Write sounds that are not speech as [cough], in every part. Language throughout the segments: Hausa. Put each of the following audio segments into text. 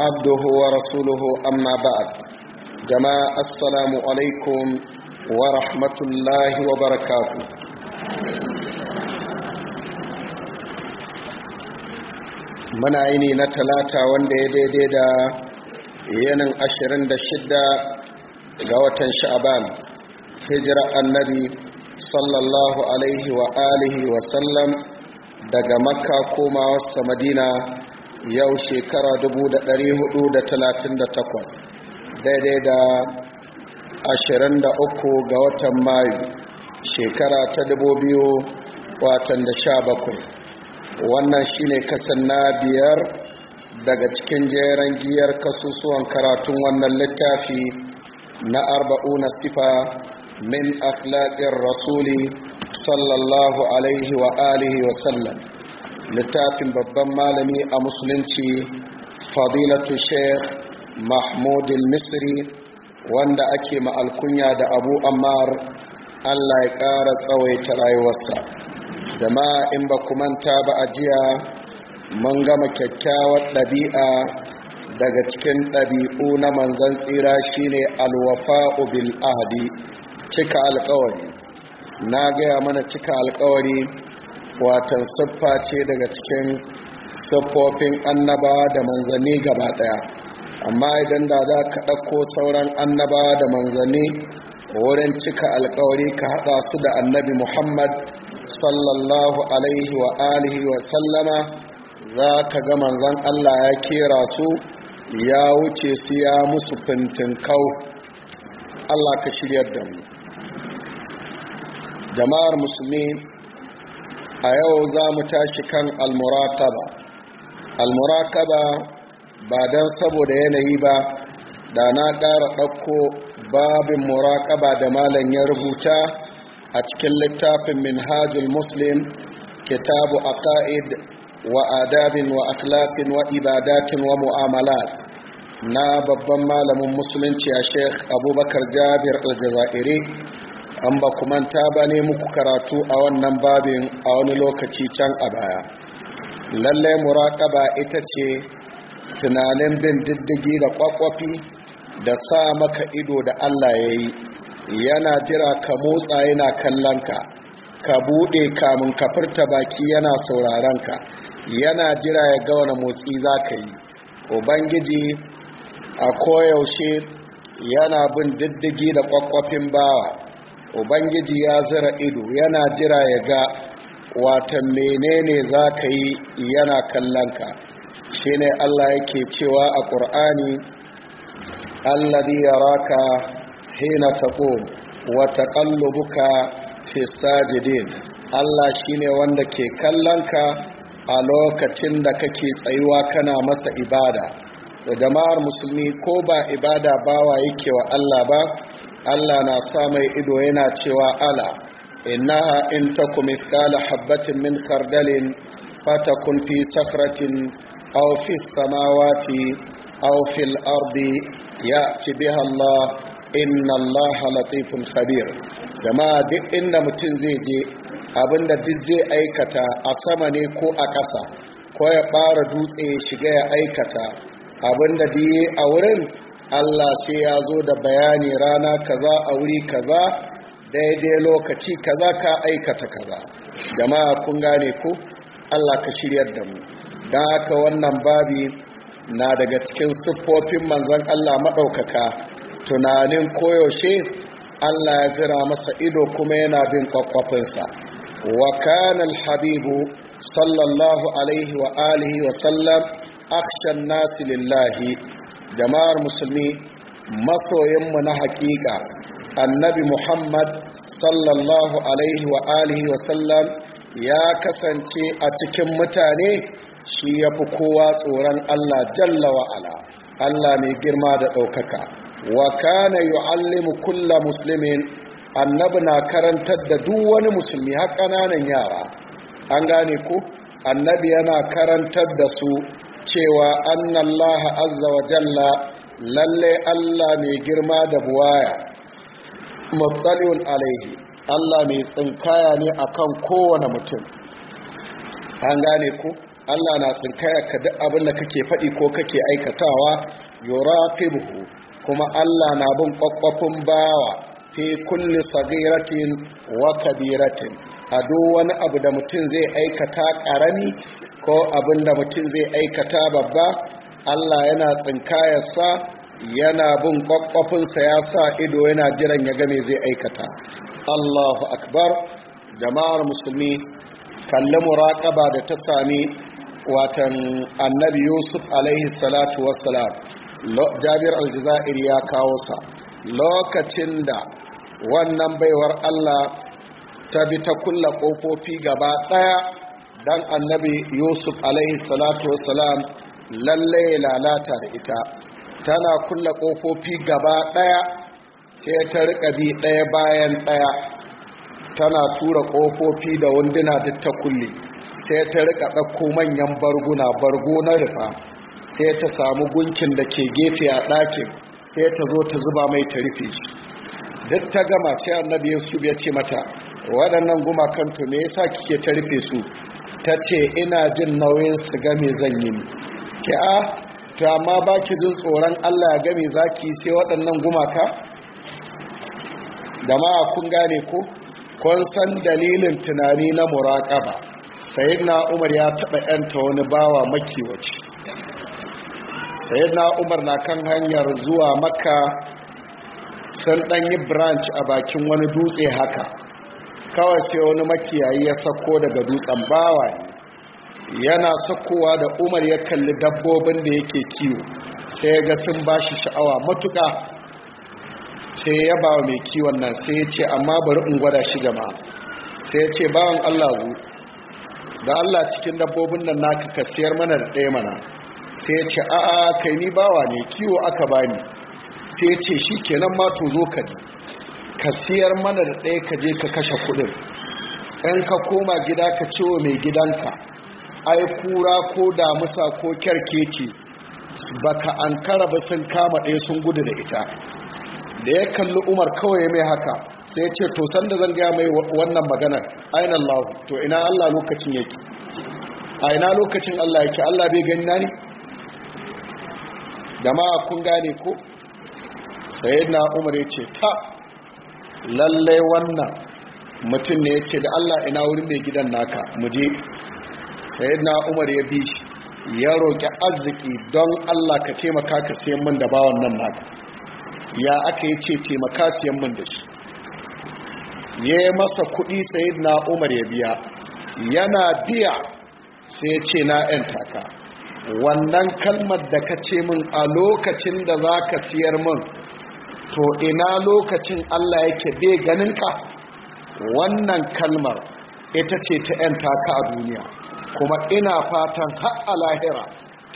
عبده ورسوله أما بعد جماعة السلام عليكم ورحمة الله وبركاته mana aini na talata wanda ya daidai da yanin shida ga watan sha'aban hijira annabi sallallahu alaihi wa alihi wa sallam daga makka komawarsa madina yau shekara 438 daidai da 23 ga watan mayu shekara ta 2017 watan da bakwai, wannan shine kasan na biyar daga cikin jeren giyar kasusuwan karatun wannan littafi na arba'una sifa min akhlaƙin rasuli sallallahu alaihi wa alihi wa sallam littafin babban malami a musulunci fadilatu sheikh Mahmudin misri wanda ake ma'alkunya da abu ammar allah ya ƙara tsawaita rayuwarsa da ma in ba manta ba a jiya mun gama kyakkyawar ɗabi'a daga cikin ɗabi'u na manzan tsira shine alwafa'u bil ahdi cika alkawari na gaya mana cika alkawari watan siffa ce daga cikin siffofin annaba da manzanni gaba daya amma idan da za ka ɗauko sauran annaba da manzanni wurin cika alkawari ka haɗa su da annabi muhammad sallallahu alaihi wa alihi wa sallama za ka ga manzan allah ya kera su ya wuce su ya musu kau, allah ka shiryar da mu jama'ar musulmi a yau za mu tashi kan almurakaba almurakaba ba don saboda yanayi ba da na ƙara ɗauko babin murakaba da malam ya rubuta a cikin littafin minhajul muslim kitabu aqaid wa adabin wa akhlaqin wa ibadatin wa mu'amalat na babban malamin musulunci a sheikh abubakar jabir aljazairi an ba ku manta ba ne muku karatu a wannan babin a wani lokaci can a baya lallai muraƙaba ita ce tunanin bin diddigi da kwakwafi da sa maka ido da allah ya yi yana jira ka motsa yana kallon ka ka buɗe kamun ka furta baki yana sauraron ka yana jira ya ga wani motsi za ka yi ubangiji a koyaushe yana bin diddigi da kwakwafin bawa ubangiji ya zira ido yana jira ya ga watan menene za ka yi yana kallonka shi ne allah yake cewa a ƙur'ani allazi ya raka hina taɓo wata ƙallubuka sajidin allah shi ne wanda ke kallonka a lokacin da kake tsayuwa kana masa ibada da jama'ar musulmi ko ba ibada bawa yake wa allah ba Allah na sa mai ido yana cewa ala innaha in takum mithqala habatin min khardalin fatakun fi sakhratin aw fi samawati aw fil ardi ya'ti biha Allah inna Allah latifun khabir jama'a duk inda mutum zai je abinda duk zai aikata a sama ne ko a ƙasa ko ya ɓara dutse shiga ya aikata abinda da yi a wurin Allah sai ya zo da bayani rana kaza a wuri kaza daidai lokaci kaza ka aikata kaza jama'a kun gane ku Allah ka shiryar da mu don haka wannan babi na daga cikin siffofin manzon Allah maɗaukaka tunanin koyaushe Allah ya jira masa ido kuma yana bin kwakwafinsa wa kana habibu sallallahu alaihi wa alihi wa sallam akshan nasi lillahi jama'ar musulmi masoyinmu na hakika annabi muhammad sallallahu alaihi wa alihi wa sallam ya kasance a cikin mutane shi ya fi kowa tsoron allah jalla wa'ala allah mai girma da ɗaukaka wa kana yu'allimu kulla musulmin annabi na karantar da duk wani musulmi har ƙananan yara an gane ku annabi yana karantar da su cewa annallaha azza wa jalla lalle Allah mai girma da buwaya muttaliun alaihi Allah mai tsinkaya ne akan kowane mutum an gane ku Allah na tsinkaya ka duk abin da kake faɗi ko kake aikatawa buhu. kuma Allah na bin kwakwafin bawa fi kulli sagiratin wa kabiratin a duk wani abu da mutum zai aikata ƙarami ko abin da mutum zai aikata babba Allah yana tsinkayarsa yana bin ƙwaƙwafinsa ya sa ido yana jiran ya game zai aikata Allahu akbar jama'ar musulmi kalli muraƙaba da ta sami watan annabi yusuf alaihi salatu wassalam jabir aljaza'iri ya kawo sa lokacin da wannan baiwar Allah ta bi ta kulla ƙofofi gaba ɗaya don annabi yusuf alaihi salatu wasalam lalle ya lalata da ita tana kulla ƙofofi gaba ɗaya sai ta riƙa bi ɗaya bayan ɗaya tana tura ƙofofi da wunduna duk ta kulle sai ta riƙa ɗauko manyan barguna bargo na rufa sai ta samu gunkin da ke gefe a ɗakin sai ta zo ta zuba mai ta rufe shi duk ta gama sai annabi yusuf ya ce mata waɗannan gumakan to me yasa kike ta rufe su ta ce ina jin nauyin su game zan yi Ki a ah, to amma ba ki jin tsoron allah ya game za ki sai waɗannan gumaka da ma kun gane ko kun san dalilin tunani na muraƙaba sayidina umar ya taɓa yanta wani bawa makiwaci sayidina umar na kan hanyar zuwa maka sun ɗanyi branch a bakin wani dutse haka kawai sai wani makiyayi ya sako daga dutsen bawa yana sakowa da umar ya kalli dabbobin da yake kiwo sai ga sun ba shi sha'awa matuka sai ya ba mai kiwon nan sai ya ce amma bari in gwada shi jama'a sai ya ce bawan allah zu da allah cikin dabbobin nan naka ka siyar mana da ɗaya mana sai ya ce a'a kai ni bawa ne kiwo aka bani sai ya ce shi kenan ma to zo ka ji ka siyar mana da ɗaya ka je ka kashe kuɗin in ka koma gida ka wa mai gidanka ai kura ko damusa ko kyarkeci ka an kara ba sun kama ɗaya sun gudu da ita da ya kalli umar kawai mai haka sai ce to sanda zan gaya mai wannan maganar ainihin Allah to ina Allah lokacin yake a ina lokacin Allah yake Allah bai gani na ne da ma kun gane ko na umar ya ce ta lallai wannan mutum ne ya ce da allah ina wurin mai gidan naka muje sai na umar ya bi shi ya roƙi arziki don allah ka taimaka ka siyan min da bawan nan naka ya aka yi ce taimaka siyan min da shi ya yi masa kuɗi sai umar ya biya yana biya sai ce na 'yan taka wannan kalmar da ka ce min a lokacin da za ka siyar min to ina lokacin Allah yake bai ka? wannan kalmar ita ce ta 'yanta ka a duniya kuma ina fatan ha'a lahira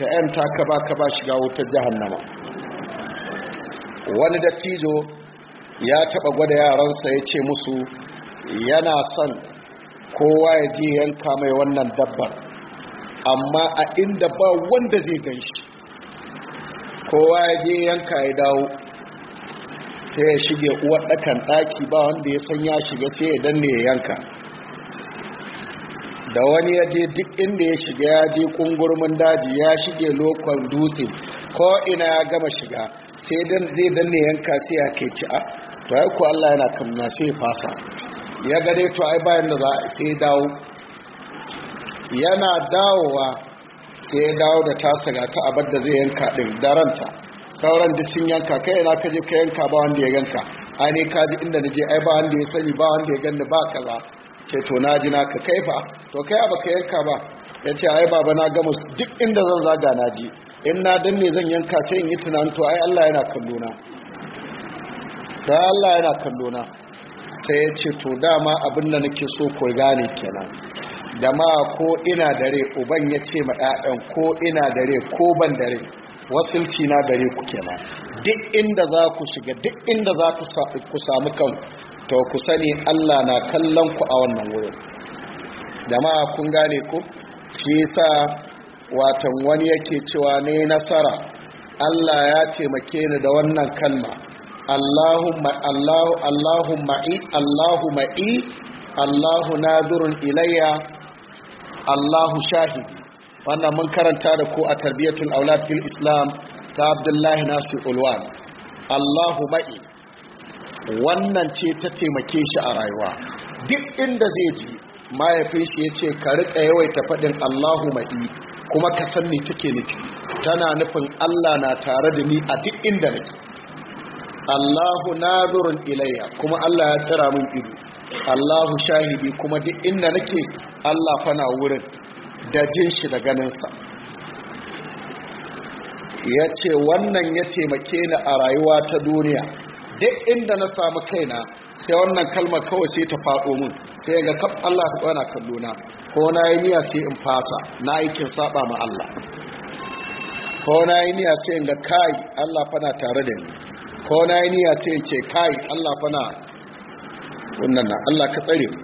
ta 'yanta ka ba ka ba shiga wuta jahannama wani dattijo ya taɓa gwada yaransa ya ce musu yana son kowa ya je yanka mai wannan dabbar amma a inda ba wanda zai gan kowa ya je yanka ya dawo sai ya shige uwar ɗakan ɗaki ba wanda ya san ya shiga sai ya danne ya yanka da wani ya je duk inda ya shiga ya je kungurmin daji ya shige lokon dutse ko ina ya gama shiga sai dan zai danne yanka sai ya kai ci a ah, to ai ko Allah yana kamna sai fasa ya gare to ai bayan da za sai dawo yana dawowa sai ya dawo da tasaga ta abar da zai yanka din daranta sauran duk sun yanka kai ina ka je ka yanka ba wanda ya yanka A ne ka bi inda je ai ba wanda ya sani ba wanda ya ganni ba kaza ce to na ji naka kai fa to kai ba ka yanka ba Ya ce ai baba na gama duk inda zan zaga na ji in na ne zan yanka sai in yi tunanin to ai Allah yana kallo na da Allah yana kallo na sai ya ce to dama abin da nake so ku gane kenan da ma ko ina dare uban ya ce ma 'ya'yan ko ina dare ko ban dare wasilci na gare ku kenan duk inda za ku shiga duk inda za ku samu kan to ku sani Allah na kallon ku a wannan wurin jama'a kun gane ku shi yasa watan wani yake cewa ne nasara Allah ya taimake ni da wannan kalma Allahumma Allahu ma'i, i Allahumma i Allahu nazirun ilayya Allahu shahidi wannan mun karanta da ko a tarbiyatul aulad fil islam ta abdullahi nasir ulwan allahu ma'i wannan ce ta taimake shi a rayuwa duk inda zai ji mahaifin shi ya ce ka riƙa yawaita faɗin allahu ma'i kuma ka san ni take nufi tana nufin allah na tare da ni a duk inda nake allahu nazurun ilayya kuma allah ya tsira min ido allahu shahidi kuma duk inda nake allah fana wurin da jin shi da ganinsa ya ce wannan ya taimake ni a rayuwa ta duniya duk inda na samu kaina sai wannan kalmar kawai sai ta faɗo min sai ga kaf Allah ta kwana kalluna ko na yi niyya sai in fasa na aikin saba ma Allah ko na yi niyya sai in ga kai Allah na tare da ni ko na yi niyya sai in ce kai Allah fa na wannan na Allah ka tsare mu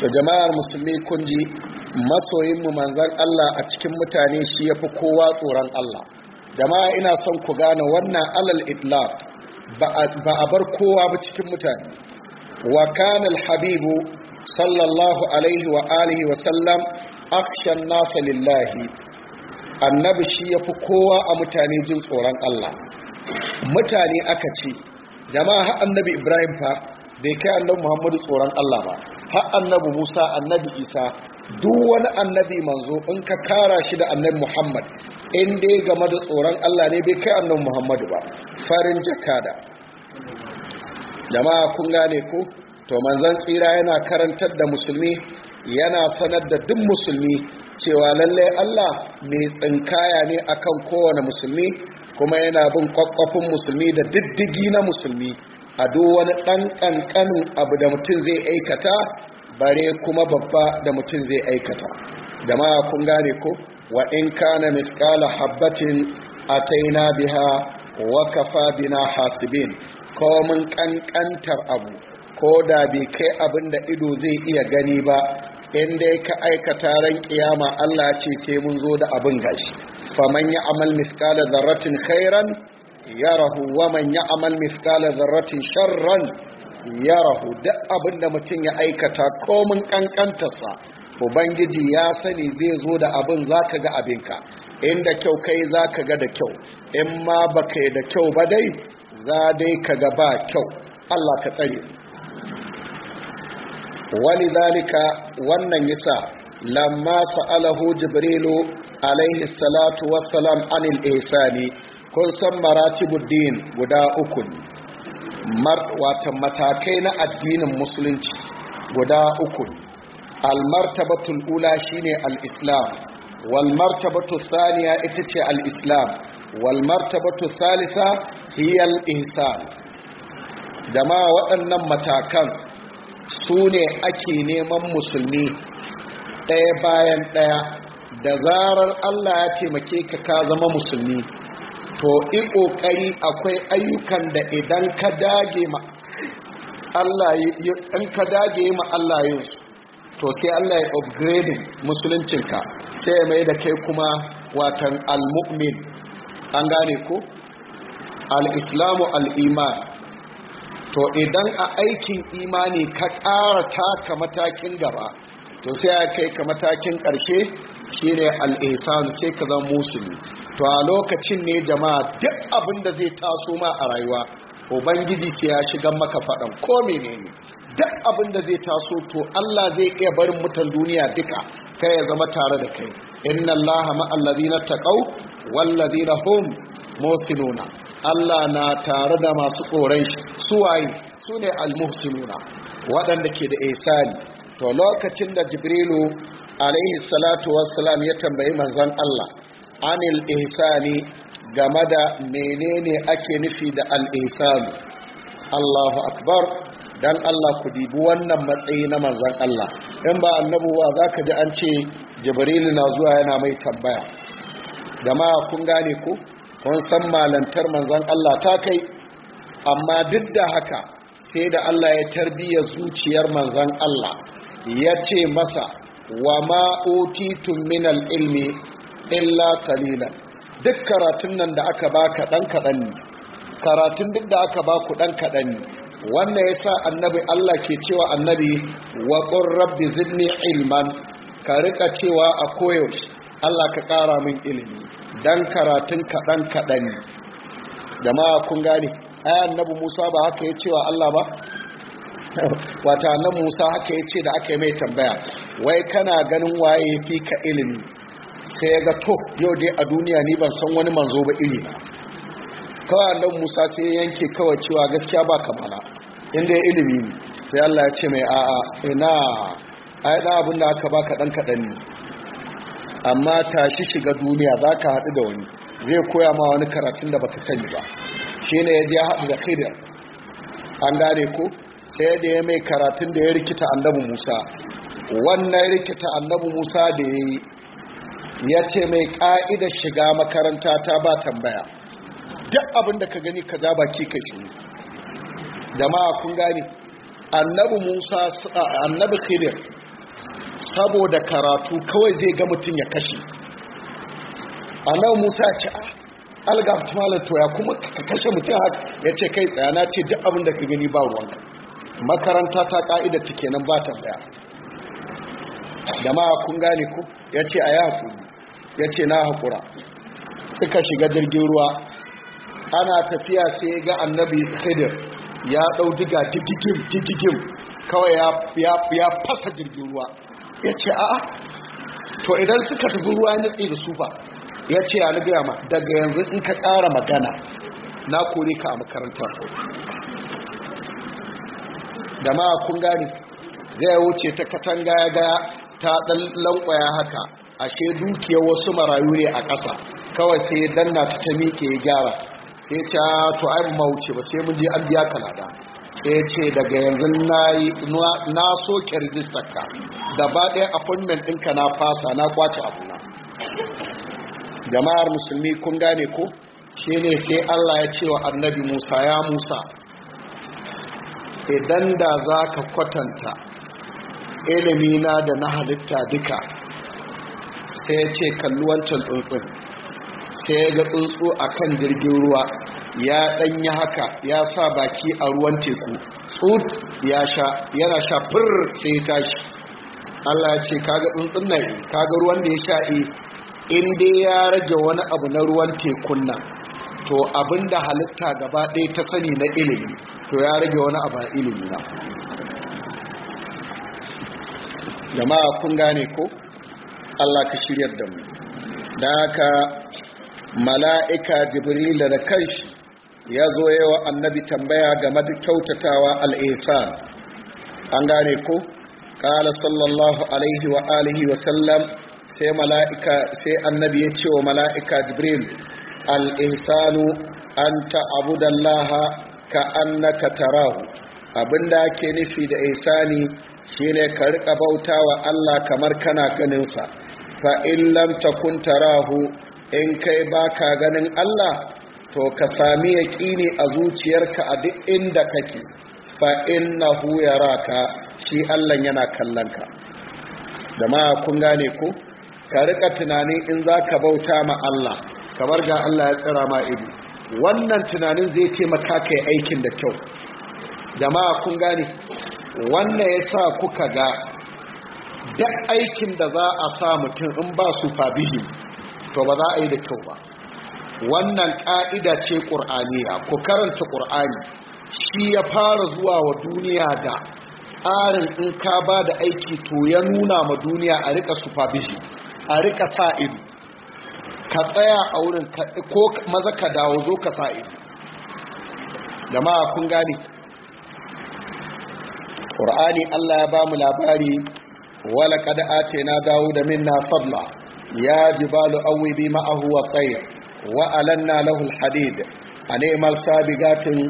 to jama'ar musulmi kun ji Masoyin mu manzan Allah a cikin mutane shi ya fi kowa tsoron Allah jama'a ina son ku gane wannan alal itlaq ba a bar kowa ba cikin mutane wa kana habibu sallallahu alaihi wa alihi wa sallam akshan nasa lillahi annabi shi ya fi kowa a mutane jin tsoron Allah mutane aka ce jama'a har annabi ibrahim fa bai kai annabi muhammadu tsoron Allah ba har annabi musa annabi isa duk wani annabi manzo in ka kara shi da annabi muhammad in dai game da tsoron allah ne bai kai annabi muhammadu ba farin jakada jama'a kun gane ko to manzan tsira yana karantar da musulmi yana sanar da duk musulmi cewa lallai allah mai tsinkaya ne akan kowane musulmi kuma yana bin kwakwafin musulmi da diddigi na musulmi a duk wani ɗan ƙanƙanin abu da mutum zai aikata bare kuma babba da mutum zai aikata da ma kun gane ko wa in kana misqala habatin ataina biha wa kafa bina hasibin ko mun kankantar abu ko da bai kai abin da ido zai iya gani ba in dai ka aikata ran kiyama Allah ce sai mun zo da abin gashi faman ya amal misqala dharratin khairan yarahu wa man ya amal misqala dharratin sharran ya rahu duk abin da mutum ya aikata komin kankantarsa ubangiji ya sani zai zo da abin za ka ga abinka inda kyau kai za ka ga da kyau in ma ba yi da kyau ba dai za dai ka ga ba kyau allah ka tsare wani zalika wannan yasa lamma sa'alahu jibrilu alaihi salatu wassalam anil ihsani kun san maratibuddin guda uku wata matakai na addinin musulunci guda uku almartabatul ula shine al-islam walmartabatul thaniya ita ce al-islam walmartabatul salisa hiya al-ihsan dama waɗannan matakan su ne ake neman musulmi ɗaya bayan ɗaya da zarar Allah ya taimake ka ka zama musulmi to ƙoƙari akwai ayyukan da idan ka dage ma Allah in ka dage ma Allah yin to sai Allah ya upgrade musuluncinka sai ya mai da kai kuma watan al-mu'min an gane ko al-islamu al-iman to idan a aikin imani ka ƙara taka matakin gaba to sai ya kai ka matakin ƙarshe shine al-ihsan sai ka zama musulmi to a lokacin ne jama'a duk abin da zai taso ma a rayuwa ubangiji sai ya shiga maka faɗan ko menene duk abin da zai taso to Allah zai iya barin mutan duniya duka kai ya zama tare da kai inna allaha ma'al ladina taqaw wal ladina hum muhsinuna Allah na tare da masu korai suwaye sune al muhsinuna waɗanda ke da isani to lokacin da jibrilu alaihi salatu wassalam ya tambayi manzon Allah anil ihsani game da menene ake nufi da al'isanu Allahu akbar dan Allah ku dibi wannan matsayi na manzan Allah in ba annabuwa za ka ji an ce jibrilu na zuwa yana mai tambaya jama'a kun gane ku kun san malantar manzan Allah ta kai amma duk da haka sai da Allah ya tarbiya zuciyar manzan Allah ya ce masa wa ma'otitun minal ilmi illa kalila duk karatun nan da aka baka dan kaɗan ne karatun duk da aka baku dan kaɗan ne wannan yasa annabi Allah ke cewa annabi wa qur rabbi zidni ilman ka rika cewa a koyaushe Allah ka ƙara min ilimi dan karatun kaɗan kaɗan ne jama'a kun gane ai annabi Musa ba haka ya cewa Allah ba [laughs] wata annabi Musa haka ya ce da aka yi mai tambaya wai kana ganin waye fi ka ilimi sai ya ga to yau dai a duniya ni ban san wani manzo ba iri ba kawai annabi musa sai ya yanke kawai cewa gaskiya ba kamala inda ya ilimi ne sai allah ya ce mai a'a ina ai dan abin da aka baka dan kaɗan ne amma tashi shiga duniya za ka haɗu da wani zai koya ma wani karatun da baka sani ba shi ne ya je haɗu da khidir an gane ko sai da ya mai karatun da ya rikita annabi musa wannan rikita annabi musa da ya yi ya ce mai ƙa'idar shiga makaranta ta ba tambaya duk abin da ka gani ka za baki ka shi jama'a kun gani annabi musa annabi khidir saboda karatu kawai zai ga mutum ya kashe annabi musa ce ah, algaft to ya kuma ka kashe mutum haka ya ce kai tsayana ce duk abin da ka gani ba ruwanka makaranta ta ƙa'ida ta kenan ba tambaya jama'a kun gane ku ya ce a yi hakuri ya ce na haƙura suka shiga jirgin ruwa ana tafiya sai ga annabi khidir ya ɗau diga digigim digigim kawai ya fasa jirgin ruwa ya ce a'a to idan suka tafi ruwa ya tsaye da su ba ya ce aligama daga yanzu in ka ƙara magana na kore ka a makarantar da ma kun gani zai wuce ta katanga ya ga ta ɗan lankwaya haka ashe dukiyar wasu marayu ne a ƙasa kawai sai danna ta ta miƙe ya gyara sai ta to ai mauce ba sai mu je an biya kalada sai ce daga yanzu na soke rijistar ka ba ɗaya appointment ɗinka na fasa na kwace na jama'ar musulmi kun gane ko shi ne sai allah ya ce wa annabi musa ya musa idan da za ka kwatanta ilimina da na halitta duka sai ya ce kalli wancan tsuntsun sai ya ga tsuntsu a kan jirgin ruwa ya ɗanya haka ya sa baki a ruwan teku tsut ya sha yana sha fir sai ya tashi allah ce kaga tsuntsun na yi kaga ruwan da ya sha yi eh, inda ya rage wani abu na ruwan tekun nan to da halitta gaba ɗaya ta sani na ilimi to ya rage wani abu a ilimi na jama'a kun gane ko Allah ka shiryar da mu da haka mala'ika jibril da kanshi ya zo yawa annabi tambaya ga da kyautatawa al'isan an gane ko ƙala sallallahu alaihi wa alihi wa sallam sai mala'ika sai annabi ya ce wa mala'ika jibril al'isanu an laha ka annaka tarahu da ake nufi da isani shine ka riƙa bauta wa Allah kamar kana ganinsa Fa in lam kun tarahu in kai baka ganin Allah to ka sami ne a zuciyarka a duk inda kake fa innahu yaraka shi Allah yana kallon da ma kun gane ku ka rika tunani in za ka bauta ma Allah kamar ga Allah ya tsira ma ido wannan tunanin zai taimaka maka kai aikin da kyau jama'a kun gane wannan ya kuka ga duk aikin da za a sa mutum in ba su fabihi to ba za a yi da kyau ba wannan ƙa'ida ce ƙur'aniya ku karanta ƙur'ani shi ya fara zuwa wa duniya da tsarin in ka ba da aiki to ya nuna ma duniya a rika fabihi a rika sa ido ka tsaya a wurin ko maza ka dawo zo ka sa ido jama'a kun gane allah ya ba mu labari wala kada ce na dawo da min na fadla ya jibalu awi bi ma'ahu wa tsaye wa alanna lahul hadid a ni'imar sabigatin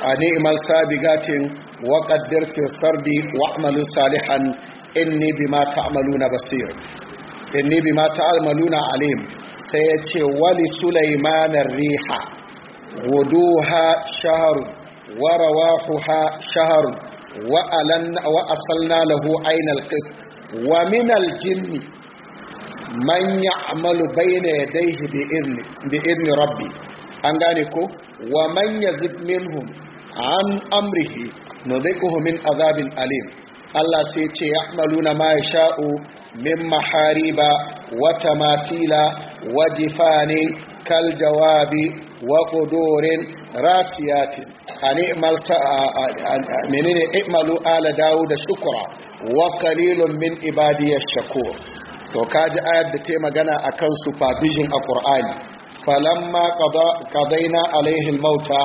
a ni'imar sabigatin wa qaddartu sardi wa amalu salihan inni bima ta'maluna basir ma ta'amalu na alim sai ya ce wali sulaiman riha wuduha shahr wa rawahuha shahr وأصلنا له عين القط ومن الجن من يعمل بين يديه بإذن, بإذن ربي أنغانيكو ومن يزد منهم عن أمره نذكه من عذاب أليم الله سيتي يعملون ما يشاء من محاريب وتماثيل وجفان كالجواب وقدور راسيات ani imal menene imalu ala da shukra wa qalilun min ibadiya shakur to kaji ayar da ta magana akan supervision a qur'ani falamma qadaina alaihi almauta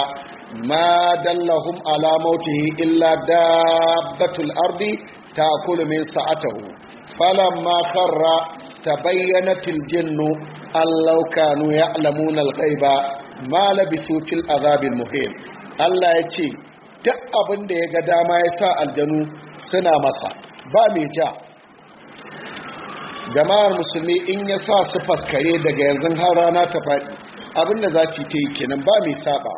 ma dallahum ala mautihi illa dabbatul ardi ta min sa'atihi falamma kharra tabayyanat aljinnu allau kanu ya'lamuna alghaiba ma labisu fil azabin muhim Allah ya ce duk abin da ya ga dama ya sa aljanu suna masa ba mai ja jama'ar musulmi in ya sa su faskare daga yanzu har rana ta faɗi abin da za su ta yi kenan ba mai saba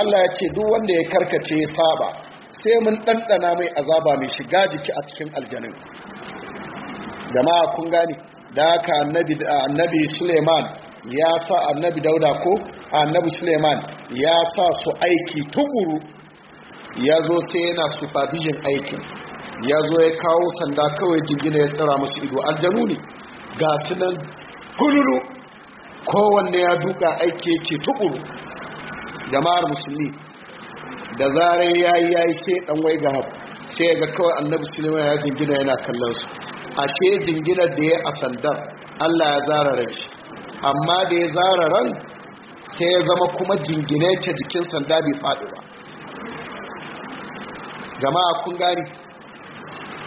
Allah ya ce duk wanda ya karkace ya saba sai mun ɗanɗana mai azaba mai shiga jiki a cikin aljanu. jama'a kun gane da haka annabi suleiman ya sa annabi dauda ko annabi suleiman ya sa su aiki tukuru ya zo sai yana supervision aikin ya zo ya kawo sanda kawai jingina ya tsara musu ido aljanu ne ga su nan gululu kowanne ya duka aiki yake tukuru jama'ar musulmi da zarar ya yi ya yi sai dan wai ga haku sai ga kawai annabi suleiman ya jingina yana kallon su ashe jinginar da ya a sandar allah ya zara ran amma da ya zara ran sai ya zama kuma jingine ke jikin sanda bai faɗi ba jama'a kun gani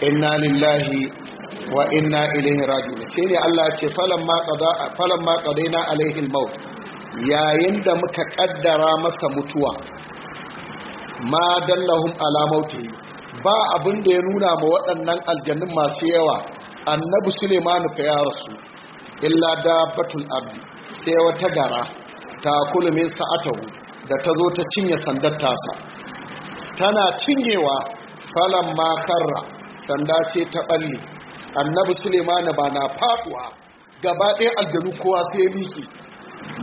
inna lillahi wa inna ilaihi raji'un sai ne Allah ya ce ma qada ma qadaina alaihi al yayin da muka kaddara masa mutuwa ma dallahum ala mautihi ba abin da ya nuna ma waɗannan aljannin masu yawa annabi Suleiman fa ya rasu illa dabbatul abdi sai wata gara ta kulumin sa'atahu da ta zo ta cinye sandar tasa tana cinyewa falon makarra sanda ce ta ɓalle, annabi sulemana ba na faɗuwa gaba ɗaya aljanu kowa sai miki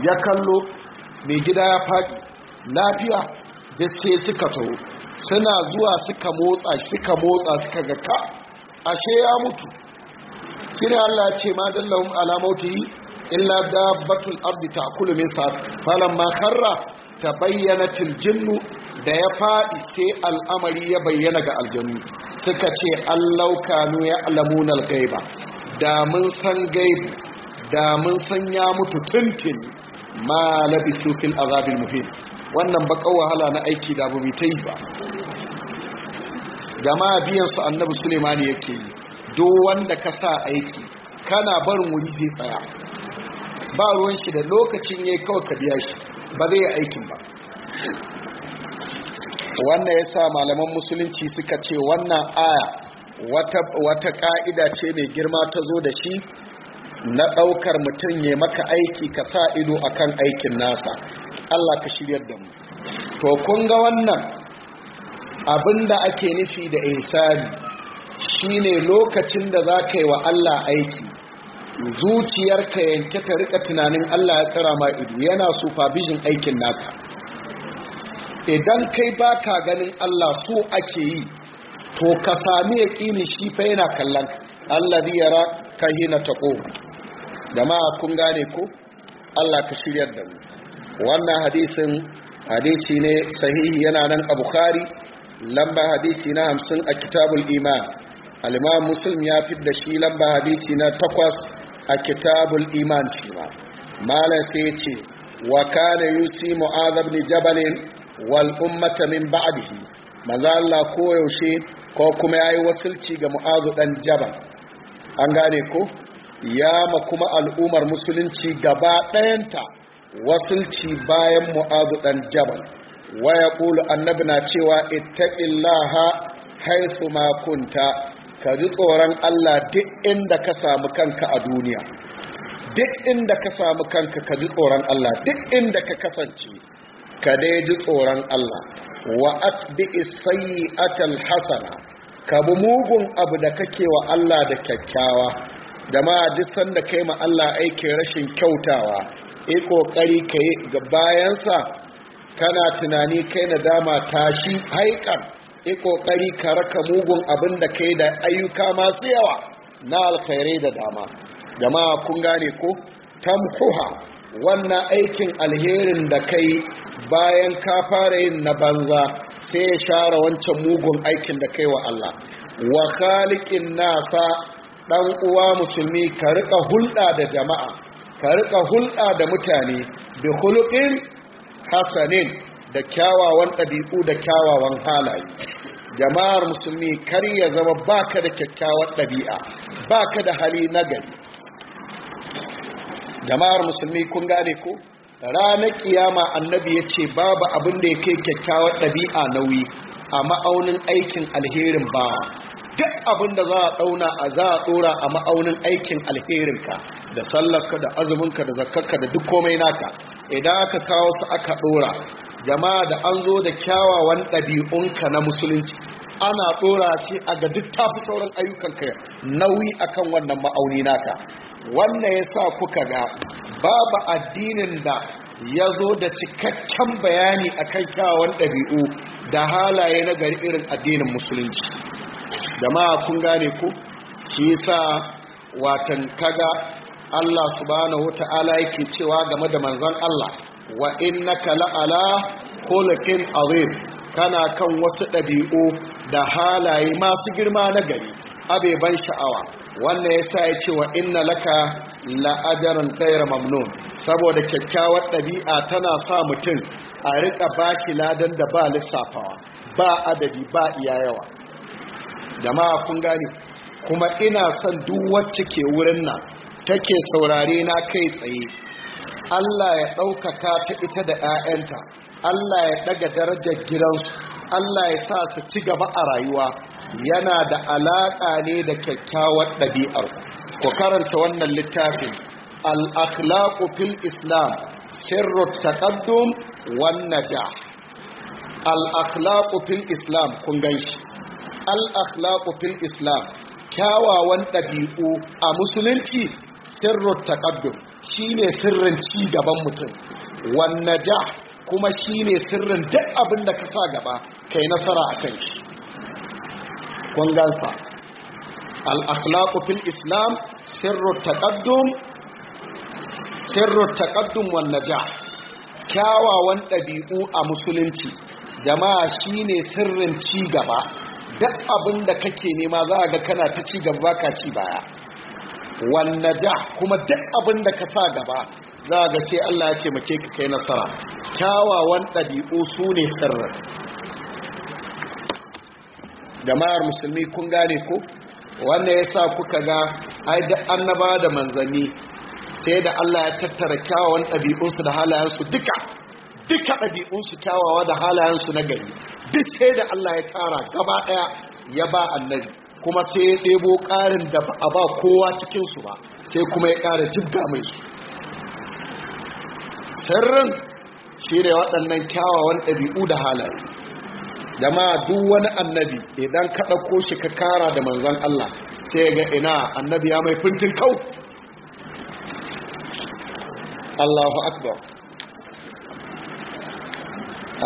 ya kallo mai gida ya faɗi lafiya da sai suka taho suna zuwa suka motsa suka motsa suka ga ka ashe ya mutu kira Allah ce ma dallon ala yi. illa dabbatul ardi ta'kulu min sa'at falamma kharra tabayyanat aljinnu da ya fadi sai al'amari ya bayyana ga aljannu suka ce allau kanu ya alamuna gaiba. da mun san gaibi da mun san ya mutu tuntun ma labisu fil azabil muhim wannan baka wahala na aiki da bai ta yi ba jama'a biyan su annabi sulemani yake yi duk wanda ka sa aiki kana barin wuri zai tsaya ba ruwan shi da lokacin ya kawai ka biya shi ba zai yi aikin ba wannan yasa malaman musulunci suka ce wannan aya wata wata ka'ida ce mai girma ta zo da shi na daukar mutum ya maka aiki ka sa ido akan aikin nasa Allah ka shiryar da mu to kun ga wannan abinda ake nufi da ihsani shine lokacin da za ka yi wa Allah aiki zuciyarka yanke ta rika tunanin Allah ya tsara ma ido yana supervision aikin naka idan kai baka ganin Allah so ake yi to ka sami yaqini shi fa yana kallon zai yara kahina taqo jama'a kun gane ko Allah ka shiryar da mu wannan hadisin hadisi ne sahihi yana nan a bukhari lamba hadisi na hamsin a kitabul iman al-imam muslim ya fi da shi lamba hadisi na takwas a kitabul iman shi malam sai ya ce wa kana yusi mu'adh ibn jabal wal ummata min ba'dihi maza Allah ko yaushe ko kuma yayi wasulci ga mu'adh dan jabal an gane ko ya ma kuma al'umar musulunci gaba ɗayanta wasulci bayan mu'azu dan jabal wa yaqulu annabi na cewa ittaqillaha haythu ma kunta ka ji tsoron Allah duk inda ka samu kanka a duniya duk inda ka samu kanka ka ji tsoron Allah duk inda ka kasance ka dai ji tsoron Allah wa atbi sayyatal hasana ka bi mugun abu da kake wa Allah da kyakkyawa jama'a duk sanda kai ma Allah aike rashin kyautawa yi kokari kai ga bayansa kana tunani kai nadama tashi haikan yi kokari ka raka mugun abin da kai da ayyuka masu yawa na alkhairai da dama jama'a kun gane ko tamkuha wannan aikin alherin da kai bayan ka fara yin na banza sai ya share wancan mugun aikin da kai wa Allah wa khaliqin nasa dan uwa musulmi ka rika hulɗa da jama'a ka rika hulɗa da mutane bi khuluqin hasanin da kyawawan ɗabi'u da kyawawan halaye jama'ar musulmi kar ya zama baka da kyakkyawar ɗabi'a baka da hali na gari. jama'ar musulmi kun gane ko ranar kiyama annabi ya ce babu abin da ya kai kyakkyawar ɗabi'a nauyi a ma'aunin aikin alherin ba duk abin da za a ɗauna a za a ɗora a ma'aunin aikin alherinka da sallarka da azuminka da zakarka da duk komai naka idan aka kawo su aka ɗora jama'a da an zo da kyawawan ɗabi'unka na musulunci ana tsora shi a ga duk tafi sauran ayyukan kai nauyi akan wannan ma'auni naka wannan ya sa kuka ga babu addinin da ya zo da cikakken bayani akan kyawawan ɗabi'u da halaye na gari irin addinin musulunci jama'a kun gane ku shi sa watan kaga Allah subhanahu ta'ala yake cewa game da manzon Allah wa innaka la'ala khuluqin azim kana kan wasu ɗabi'u da halaye masu girma na gari ban sha'awa wannan ya sa ya ce wa inna laka la'ajarin tsayar mamnun saboda kyakkyawar ɗabi'a tana sa mutum a riƙa shi ladan da ba lissafawa ba adadi ba iya yawa jama'a kun gane kuma ina son duk wacce ke wurin nan take saurare na kai tsaye Allah ya ɗaukaka ta ita da 'ya'yanta Allah ya daga darajar gidansu Allah ya sa su ci gaba a rayuwa yana da alaƙa ne da kyakkyawar ɗabi'ar ku karanta wannan littafin al-akhlaqu fil islam sirru taqaddum wan najah al-akhlaqu fil islam kun ganshi al-akhlaqu fil islam kyawawan ɗabi'u a musulunci sirru taqaddum shine sirrin ci gaban mutum wan najah kuma shi ne sirrin duk abin da ka gaba ka nasara a kan shi ƙungansa gansa islam sirru taƙaddun wanda ja kyawawan ɗabi'u a musulunci jama'a shi ne sirrin ci gaba duk abin da kake nema za a ga kana ta ci gaba ka ci baya wannaja kuma duk abin da ka sa gaba za a ga sai Allah ya taimake ka kai nasara kyawawan ɗabi'u su ne sirrin jama'ar musulmi kun gane ku? wannan ya sa kuka ga ai da annaba da manzanni sai da Allah ya tattara kyawawan ɗabi'unsu da halayensu duka duka ɗabi'unsu kyawawa da halayensu na gari duk sai da Allah ya tara gaba ɗaya ya ba annabi kuma sai ya ɗebo ƙarin da ba a ba kowa cikinsu ba sai kuma ya ƙara jibga mai su sirrin shi ne waɗannan kyawawan ɗabi'u da halaye ma duk wani annabi idan ka ɗauko shi ka kara da manzan Allah sai ga ina annabi ya mai fintin kau Allahu akbar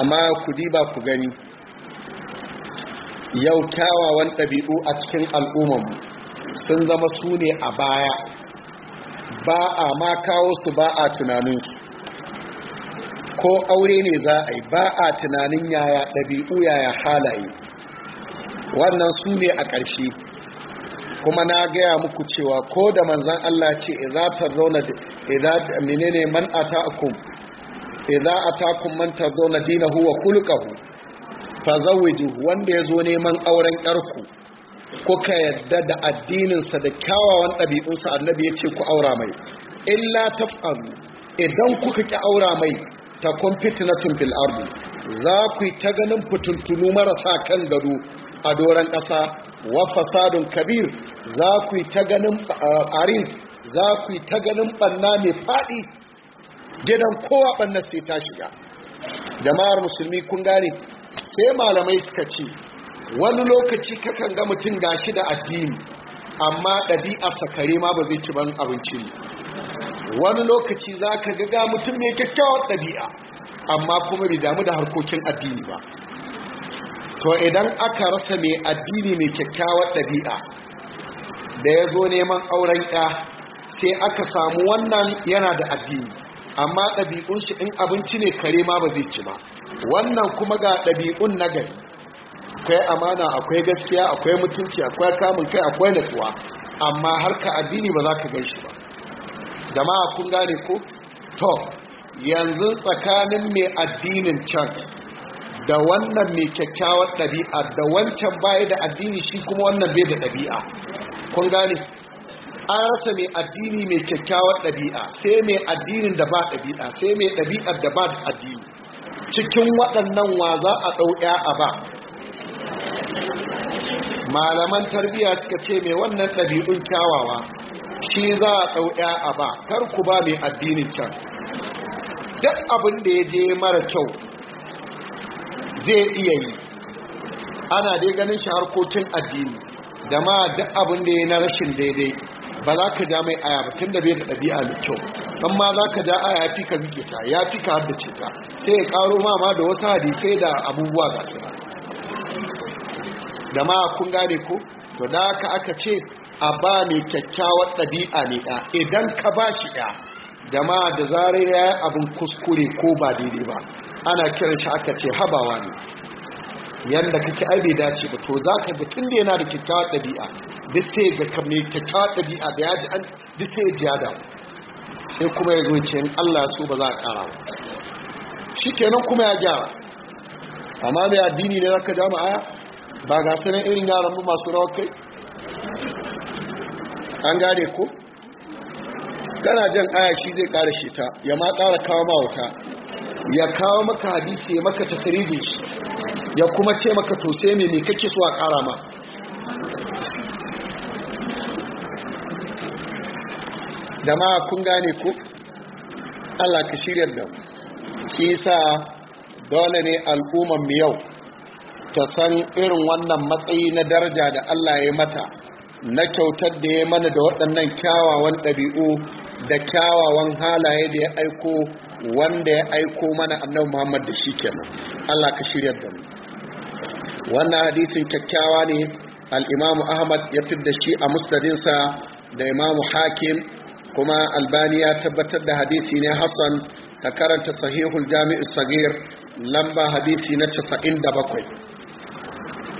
amma ku diba ku gani yau kyawawan ɗabi'u a cikin al'ummanmu sun zama su ne a baya ba a ma kawo su ba a tunaninsu ko aure ne za a yi ba a tunanin yaya ɗabi'u yaya halaye wannan su ne a ƙarshe kuma na gaya muku cewa ko da manzan Allah ce idza tazauna idza menene man ataakum idza ataakum man tazauna dinahu wa khuluquhu wanda yazo neman auren ƙarku kuka yadda da addininsa da kyawawan ɗabi'unsa annabi ya ce ku aura mai illa taf'alu idan kuka ki aura mai ta kun na fil za ku yi ta ganin fitintunu marasa kan gado a doron ƙasa wa fasadun kabir za ku yi ta ganin eh, arin za ku yi ta ganin ɓanna mai faɗi gidan kowa ɓanna sai ta shiga jama'ar musulmi kun gane sai malamai suka ce wani lokaci kakan ga mutum gashi da addini amma ɗabi'a sakare ma ba zai ci ban abinci ne wani lokaci za ka gaga mutum mai kyakkyawar ɗabi'a amma kuma bai damu da harkokin addini ba to idan aka rasa mai addini mai kyakkyawar ɗabi'a da ya zo neman auren ya sai aka samu wannan yana da addini amma ɗabi'un shi in abinci ne kare ma ba zai ci ba wannan kuma ga ɗabi'un na gari akwai amana akwai gaskiya akwai mutunci akwai kamun kai akwai natsuwa amma harka addini ba za ka gan shi ba jama'a kun gane ko to yanzu tsakanin mai addinin can da wannan mai kyakkyawar ɗabi'a da wancan baya da addini shi kuma wannan bai da ɗabi'a kun gane an rasa mai addini mai kyakkyawar ɗabi'a sai mai addinin da ba ɗabi'a sai mai ɗabi'ar da ba da addini cikin waɗannan wa za a ɗau a ba malaman tarbiyya suka ce mai wannan ɗabi'un kyawawa shi za a ɗau a ba kar ku ba mai addinin can duk abin da ya je mara kyau zai iya yi ana dai ganin shi harkokin addini da ma duk abin da ya na rashin daidai ba za ka ja mai aya ba tun da bai da ɗabi'a mai kyau amma za ka ja aya fi ka rike ta ya fi ka cita, ta sai ya ƙaro mama da wasu hadisai da abubuwa ga su da ma kun gane ko to da aka ce a ba mai kyakkyawar ɗabi'a ne ɗa idan ka ba shi ɗa gama da zarar ya yi abin kuskure ko ba daidai ba ana kiran shi aka ce habawa ne yadda kake aibe dace ba to za ka ga tun da yana da kyakkyawar ɗabi'a duk sai ga ne kyakkyawar ɗabi'a da ya ji an duk sai ji yada sai kuma ya zo ce Allah so ba za a ƙara shi kenan kuma ya gyara amma mai addini ne za ka jama'a ba ga sanin irin yaran masu rawar kai an gane ko kana jan aya shi zai kara shi ta ya ma ƙara kawo ma wata ya kawo maka hadisi ya maka tasiridin shi ya kuma ce maka tose mai ne kake so a ƙara ma da ma kun gane ku? Allah ka shirya da kisa dole ne al'umman mu yau ta san irin wannan matsayi na daraja da Allah ya mata na kyautar da ya mana da waɗannan kyawawan ɗabi'u da kyawawan halaye da ya aiko wanda ya aiko mana annabi Muhammad da shi kenan Allah ka shirya da mu wannan hadisin kyakkyawa ne al-Imam Ahmad ya da shi a musnadinsa da Imam Hakim kuma Albani ya tabbatar da hadisi ne Hassan ta karanta Sahihul jami'u Saghir lamba hadisi na 97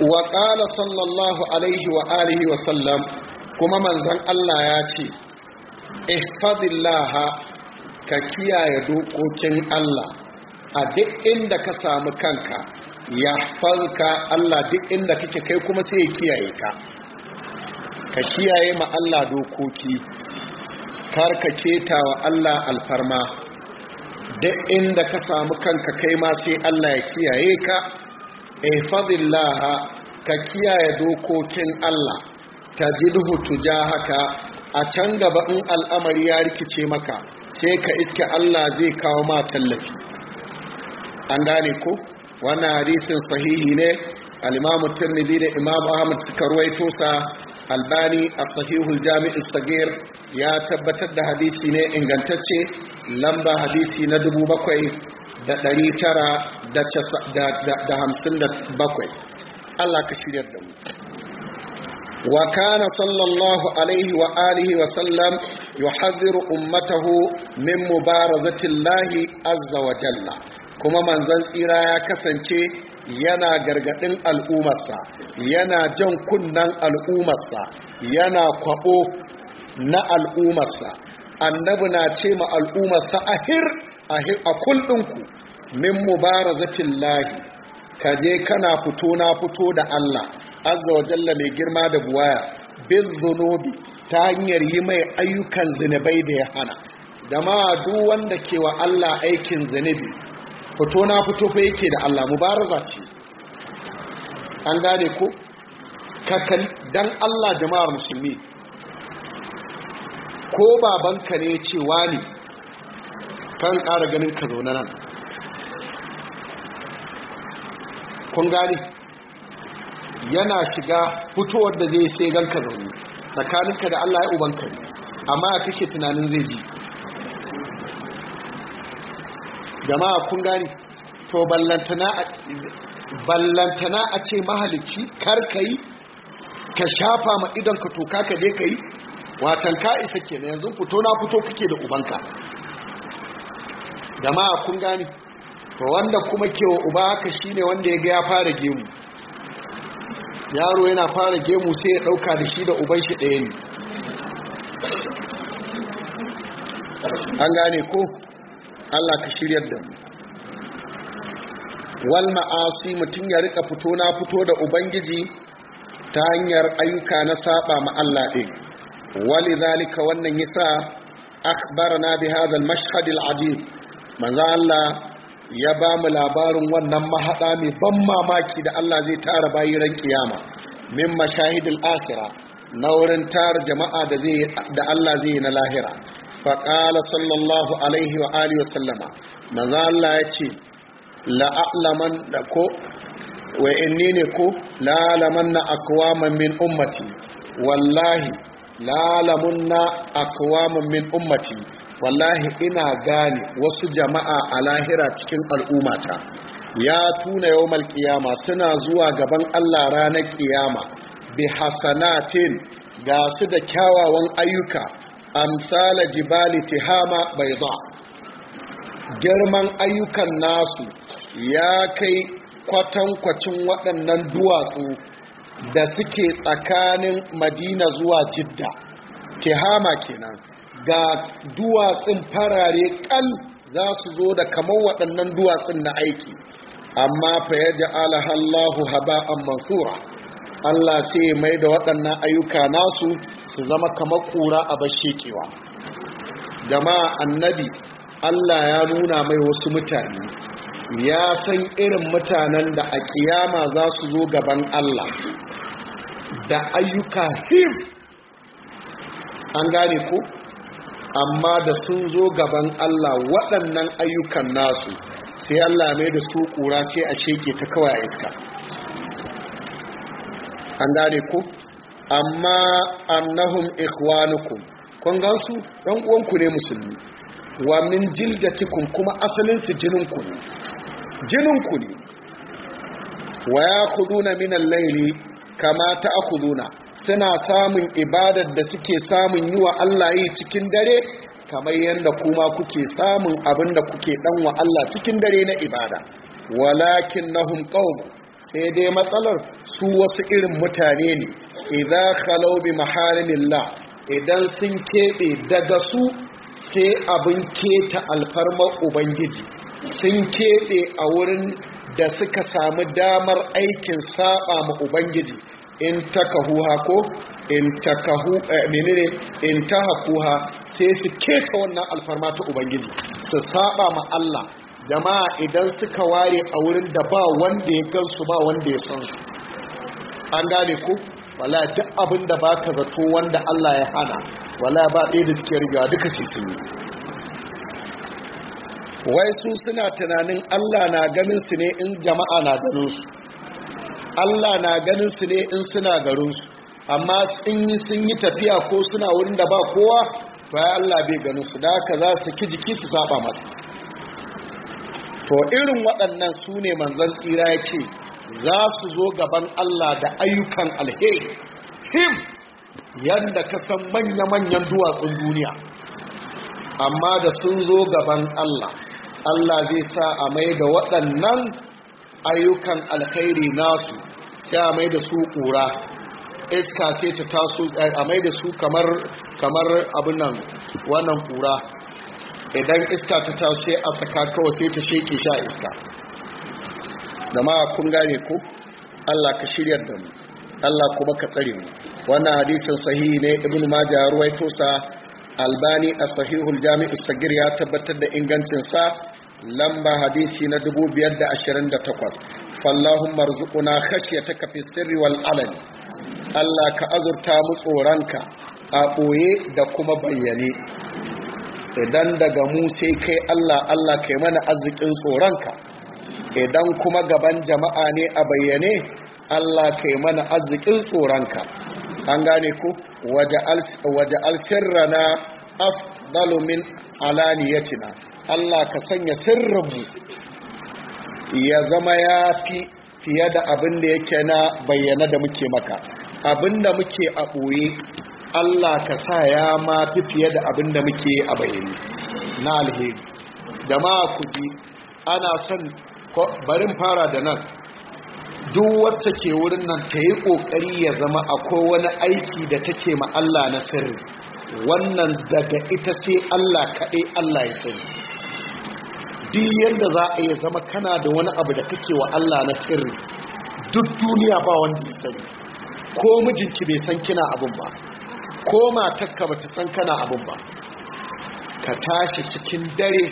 wa ƙala sallallahu alaihi wa alihi wa sallam kuma manzan Allah ya ce ifadillaha ka kiyaye dokokin Allah a duk inda ka samu kanka ya farka Allah duk inda kake kai kuma sai ya kiyaye ka ka kiyaye ma Allah dokoki kar ka keta wa Allah alfarma duk inda ka samu kanka kai ma sai Allah ya kiyaye ka ihfadillaha ka kiyaye dokokin Allah ta tuja haka a can gaba in al'amari ya rikice maka sai ka iske Allah zai kawo ma tallafi an gane ku? wannan hadisin sahihi ne al-imamu da Imam ahmad suka ruwaito sa albani a sahihul jami'in sagir ya tabbatar da hadisi ne ingantacce lamba hadisi na dubu bakwai bakwai. Allah ka shirya da mu wa kana sallallahu alaihi wa alihi wa sallam yuhadhiru ummatahu min mubarazatillahi llahi azza wa jalla kuma manzon tsira ya kasance yana gargadin al'umarsa yana jan kunnan al'umarsa yana kwabo na al'umarsa annabi na ce ma al'umarsa ahir ahir a kullunku min zatin lahi ka je kana fito na fito da Allah azza wa jalla mai girma da buwaya bin zunubi ta hanyar yi mai ayyukan zunubai da ya hana da ma duk wanda ke wa Allah aikin zunubi fito na fito fa yake da Allah mubaraza ce an gane ko dan Allah jama'ar musulmi ko babanka ne cewa ne kan ƙara ganin ka na nan kun gane yana shiga fitowar da zai sai ganka zaune tsakaninka da Allah ya ubanka ne amma a kake tunanin zai ji jama'a kun gane to ballantana a ce mahalicci karkayi ka shafa ma idan ka toka ka je ka yi watan ka isa kenan yanzu fito na fito kake da ubanka jama'a kun gane to wanda kuma wa uba haka shine wanda ya ga ya fara gemu yaro yana fara gemu sai ya ɗauka da shi da uban shi ɗaya ne an gane ko allah ka shiryar da mu wal ma'asi mutum ya rika fito na fito da ubangiji ta hanyar ayyuka na saba ma ɗin wali zalika wannan yasa akbarana bi hadha al mashhad al ajib manzo allah ya ba mu labarin wannan mahaɗa mai ban mamaki da Allah zai tara bayiran kiyama min mashahidul akhirah na wurin tara jama'a da zai da Allah zai na lahira fa qala sallallahu alaihi wa alihi wasallama manzo Allah ya ce la a'laman da ko wa inni ne ko la lamanna aqwaman min ummati wallahi la na akwamin min ummati wallahi ina gane wasu jama'a a lahira cikin al'ummata ya tuna yau malkiyama suna zuwa gaban Allah ranar kiyama bi hasanatin ga su da kyawawan ayyuka amsala jibali tihama baida girman ayyukan nasu ya kai kwatankwacin waɗannan duwatsu da suke tsakanin madina zuwa jidda tihama kenan ga duwatsun farare kal za su zo da kamar waɗannan duwatsun na aiki amma faya ya ja'ala Allahu haba'an mansura Allah ce mai da waɗannan ayyuka nasu su zama kamar kura a bashekewa jama'a annabi Allah ya nuna mai wasu mutane ya san irin mutanen da a ƙiyama za su zo gaban Allah da ayyuka him an gane ko amma da sun zo gaban Allah waɗannan ayyukan nasu sai Allah mai da su ƙura sai a sheke ta kawai a iska an gane ku amma annahum ikhwanukum kun gan su ɗan uwanku ne musulmi wa min jildatikum kuma asalin su jininku ne jininku ne wa ya khuduna min al-layli kama ta akhuduna suna samun ibadar da suke samun yi wa Allah yi cikin dare kamar yadda kuma kuke samun abin da kuke dan wa Allah cikin dare na ibada walakin nahum qaum sai dai matsalar su wasu irin mutane ne idza khalaw bi mahalimillah idan sun kebe daga su sai abin keta alfarmar ubangiji sun kebe a wurin da suka samu damar aikin saba ma ubangiji in takahuha ko in takahu eh, menene in hakuha sai su keta wannan alfarma ta ubangiji su saba ma Allah jama'a idan suka ware a wurin da ba wanda ya gansu ba wanda ya san su an gane ku wala duk abin da baka zato wanda Allah ya hana wala ba ɗaya da suke riga duka sai sun wai su suna tunanin Allah na ganin su ne in jama'a na ganin su Allah na ganin su ne in suna garinsu amma in sun yi tafiya ko suna wurin da ba kowa to ya Allah bai ganin su da haka za su ki jiki su saba masu to irin waɗannan su ne manzan tsira ya ce za su zo gaban Allah da ayyukan alheri him yadda ka san manya-manyan duwatsun duniya amma da sun zo gaban Allah Allah zai sa a mai da waɗannan ayyukan alkhairi nasu sai a mai da su kura iska sai ta taso eh, a mai da su kamar kamar abin nan wannan kura idan iska ta taso sai a saka kawai sai ta sheke sha iska da ma kun gane ko Allah ka shiryar da mu Allah kuma ka tsare mu wannan hadisin sahihi ne ibn majah ruwaito sa albani a sahihul as sagir ya tabbatar da ingancin sa lamba hadisi na dubu 528 fallahumma arzuquna khashyataka fi sirri wal alani Allah ka azurta mu tsoranka a ɓoye da kuma bayyane idan daga mu sai kai Allah Allah kai mana arzikin tsoronka idan kuma gaban jama'a ne a bayyane Allah kai mana arzikin tsoronka an gane ku waje alsirrana al'ani ya alaniyatina Allah ka sanya sirrinmu ya zama ya fi fiye da abin da yake na bayyana da muke maka abin da muke a ɓoye Allah ka sa ya ma fi fiye da abin da muke a bayyane na alheri da ma ku ji ana son barin fara da nan duk wacce ke wurin nan ta yi ƙoƙari ya zama akwai wani aiki da take ma Allah na sirri wannan daga ita sai Allah kaɗai Allah ya sani duk yadda za a iya zama kana da wani abu da kake wa Allah na sirri duk duniya ba wanda ya sani ko mijinki bai san kina abin ba ko matarka ba ta san kana abin ba ka tashi cikin dare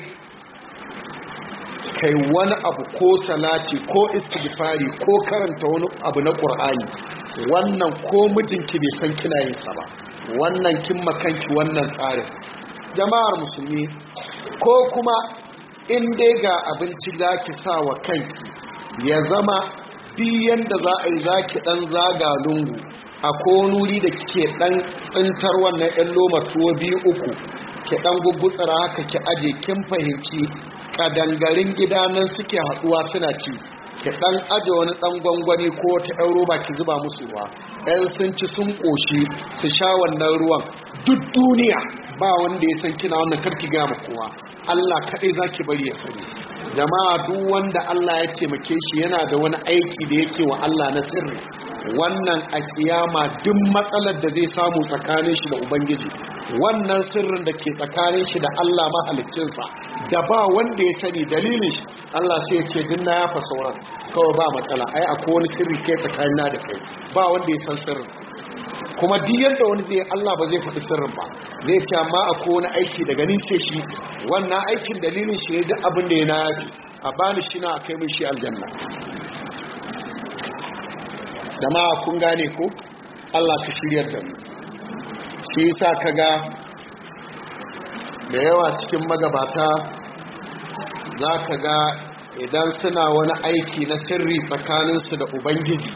kai wani abu ko salati ko istighfari ko karanta wani abu na ƙur'ani wannan ko mijinki bai san kina yin sa ba wannan kin makanki wannan tsarin jama'ar musulmi ko kuma in dai ga abinci za ki sa wa kanki ya zama biyan da za a yi za ki ɗan zaga lungu a konuri da kike ɗan tsintar wannan 'yan loma tuwo biyu uku ki ɗan gugutsara haka ki aje kin fahimci ƙadangarin nan suke haɗuwa suna ci ki ɗan aje wani ɗan gwangwani ko wata ɗan roba ki zuba musu ruwa 'yan sun ci sun ƙoshi su sha wannan ruwan duk duniya ba wanda ya san kina wannan karki gama kowa Allah kaɗai za ki bari ya sani jama'a duk wanda Allah ya taimake shi yana da wani aiki da yake wa Allah na sirri wannan a kiyama duk matsalar da zai samu tsakanin shi da ubangiji wannan sirrin da ke tsakanin shi da Allah mahalicinsa da ba wanda ya sani dalilin shi Allah sai ya ce din na yafa sauran kawai ba matsala ai akwai wani sirri kai tsakanin na da kai ba wanda ya san sirri. kuma diyan da wani zai Allah ba zai faɗi sirrin ba zai ce amma a wani aiki daga ni ce shi wannan aikin dalilin shi ne duk abin da ya na a bani shi na kai mai shi aljanna dama kun gane ko Allah ka shiryar da mu shi yasa ga da yawa cikin magabata za ka ga idan suna wani aiki na sirri tsakaninsu da ubangiji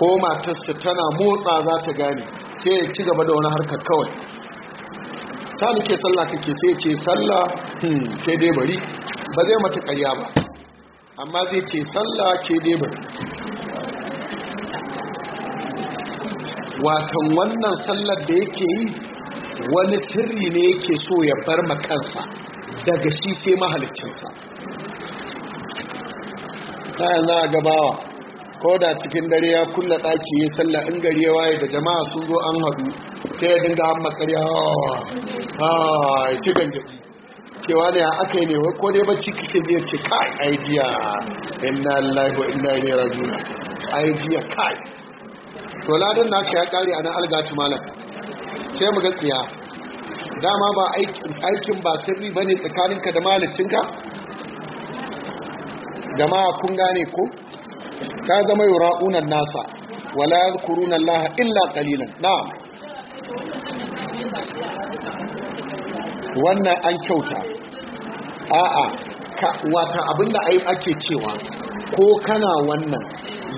ko matarsa tana motsa za ta gane sai ya ci gaba da wani harkar kawai ta nike sallah kake sai ce sallah ke hmm, dai bari ba zai mata karya ba amma zai ce sallah ke dai bari watan wannan sallar da yake yi wani sirri ne yake so ya bar makansa daga shi sai mahalicinsa ta a gabawa ko da cikin dare ya kulla daki ya sallah in gari ya waye da jama'a sun zo an haɗu sai ya dinga hamma karya ya ci gangaɗi cewa ne aka yi ne wai ko dai bacci kike biyar ce kai ai jiya inna lillahi wa inna ilaihi raji'un ai jiya kai to ladan ka ya kare a algatu malam sai mu ga tsiya dama ba aikin ba sirri bane tsakaninka da malicinka jama'a kun gane ko ka zama ra'unan nasa wala yadhkuruna allaha illa qalilan na'am wannan an kyauta a'a wata abinda ai ake cewa ko kana wannan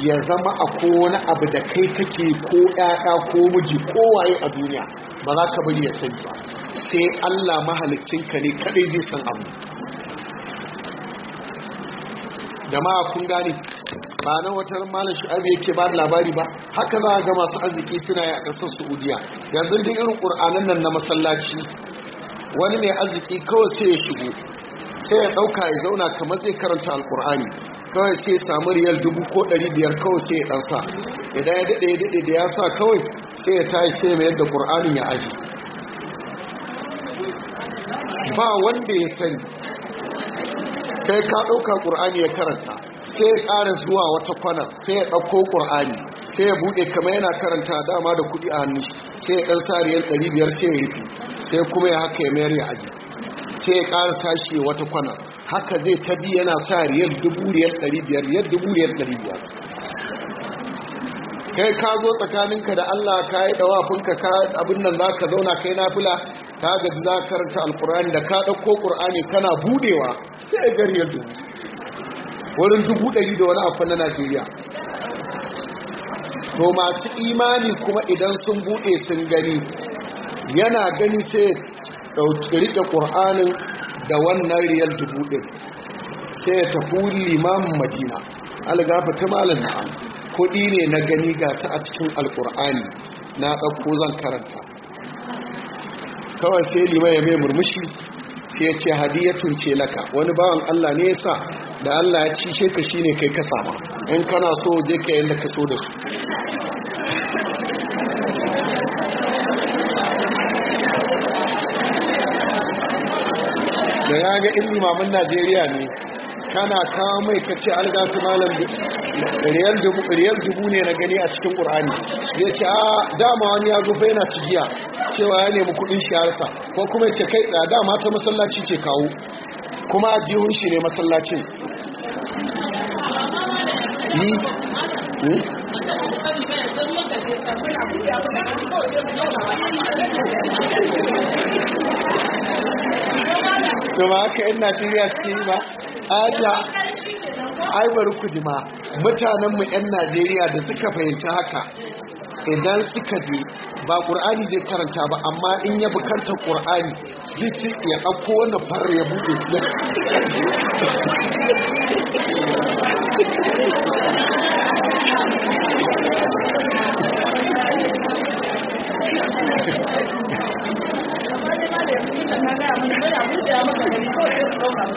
ya zama a kowane abu da kai kake ko ƴaƴa ko miji ko waye a duniya ba za ka bari ya sani ba sai Allah mahalicinka ne kadai zai san abu jama'a kun gane ba na wata malam shu'abi yake ba labari ba haka za ga masu arziki suna yi a ƙasar saudiya yanzu duk irin ƙur'anan nan na masallaci wani mai arziki kawai sai ya shigo sai ya ɗauka ya zauna kamar zai karanta alƙur'ani kawai sai ya samu riyal dubu ko ɗari biyar kawai sai ya ɗansa idan ya daɗe ya daɗe da ya sa kawai sai ya tashi sai mai yadda ƙur'anin ya aji ba wanda ya sani kai ka ɗauka ƙur'ani ya karanta sai ya ƙara zuwa wata kwana sai ya ɗauko ƙur'ani sai ya buɗe kama yana karanta dama da kuɗi a hannu sai ya ɗan sariyar ɗari biyar sai ya rufe sai kuma ya haka ya mayar ya aji sai ya ƙara tashi wata kwana haka zai ta bi yana sariyar dubu riyar ɗari biyar riyar dubu riyar ɗari biyar kai ka zo tsakaninka da allah ka yi ɗawafinka ka abin nan za ka zauna kai na ka gaji za ka karanta Alƙur'ani, da ka ɗauko ƙur'ani kana buɗewa sai ya gariyar wurin dubu ɗari da wani abu na najeriya to masu imani kuma idan sun buɗe sun gani yana gani sai rike ƙur'anin da wannan riyal dubu ɗin sai ya tafi limamin madina algafa ta malin na'am kuɗi ne na gani gasa a cikin alƙur'ani na ɗauko zan karanta kawai sai lima ya mai murmushi sai ya ce hadiyatun ce laka wani bawan Allah ne yasa da Allah ya ci sheka ne kai ka sama in kana so je ka yanda ka so da su da ya ga in limamin Najeriya ne kana kawo mai ka algasu malam riyal dubu ne na gani a cikin ƙur'ani ya ce a ah, dama wani ya zo yana cigiya cewa ya nemi kuɗin shiyarsa ko kuma ya ce kai da dama ta masallaci ce kawo kuma jihun shi ne masallacin ni hmm? ba haka yan najeriya ce ba aja ai bari ku jima mutanen mu yan Najeriya da suka fahimci haka idan suka je ba ƙur'ani zai karanta ba amma in ya bukanta ƙur'ani, zai ya ɗauko wani far ya buɗe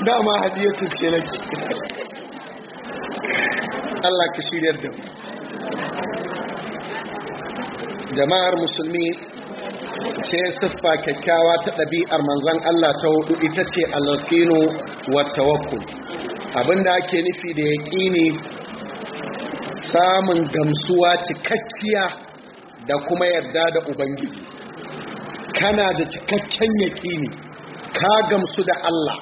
dama hadiyatu ce Allah ka shiryar da jama'ar musulmi sai siffa kyakkyawa ta ɗabi'ar manzan Allah ta hudu ita ce alaƙinu wa wakul abinda ake nufi da ya yaƙini samun gamsuwa cikakkiya da kuma yarda da ubangiji kana da cikakken yaƙini ka gamsu da Allah